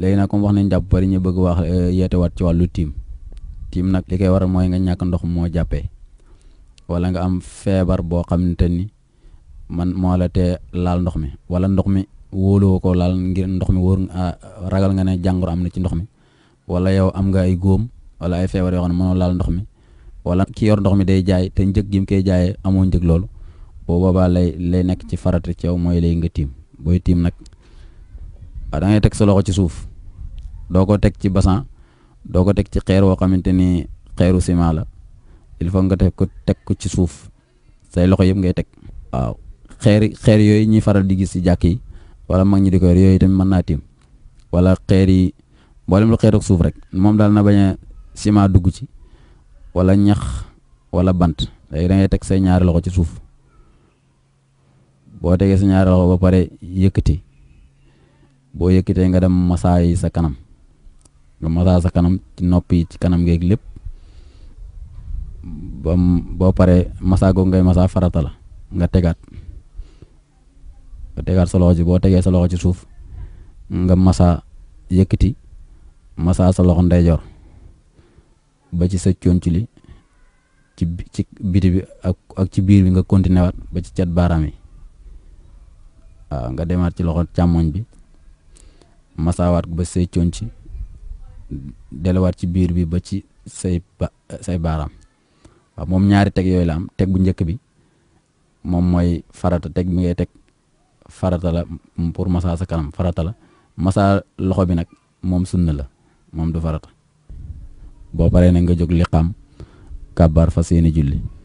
léegi nag comme wax nañ jàpp bari ñu bëgg wax euh, waat ci wàllu tiim tiim nag li koy waral mooy nga ñàkk ndox moo jàppe wala nga am feebar boo xamante ni man moo la tee laal ndox mi wala ndox mi wóoloo ko laal ngir ndox mi wóor ah, ragal nga ne jàngoro am na ci ndox mi wala yow am nga ay góom wala ay feebar yoo xam ne mënoo laal ndox mi wala ki yor ndox mi day jaay te njëg gim mu koy jaayee amoo njëg loolu boo boobaa lay nekk ci farata ci yow mooy lay nga tiim booy tiim nag. da ngay teg sa loxo ci suuf doo ko teg ci basan doo ko teg ci xeer woo xamante ni xeeru ciment la il faut nga teg ko teg ko ci suuf say loxo yëpp ngay teg. waaw xeer xeer yooyu ñuy faral di gis ci jàkk wala mag ñi di ko yor yooyu tamit mën naa wala xeer yi mboolem lu xeer ak suuf rek moom daal na bañ a ciment dugg ci wala ñax wala bant da ngay teg say ñaari loxo ci suuf boo tegee sa ñaari loxo ba pare bo yekite nga dem masaay sa kanam nga masaa sa kanam ci nopi ci kanam ngeek lepp bam bo pare masaa go ngay masaa farata la nga tegat tegat solo ci boo ci suuf nga masaa yekiti masaa sa loxo jor ba ci sa conc li ci ci biti bi ak ak ci bir bi nga continuer wat ba ci cat barami yi nga demat ci loxo càmmoñ bi masawaat ba say conc delawaat ci biir bi ba ci say ba baaraam waaw moom ñaari teg yooyu la teg bu njëkk bi moom mooy farata teg bi ngay teg farata la pour masa sa kanam farata la masa loxo bi nag moom sunna la moom du farata boo paree nag nga jóg li xam kàbbaar fas yéene julli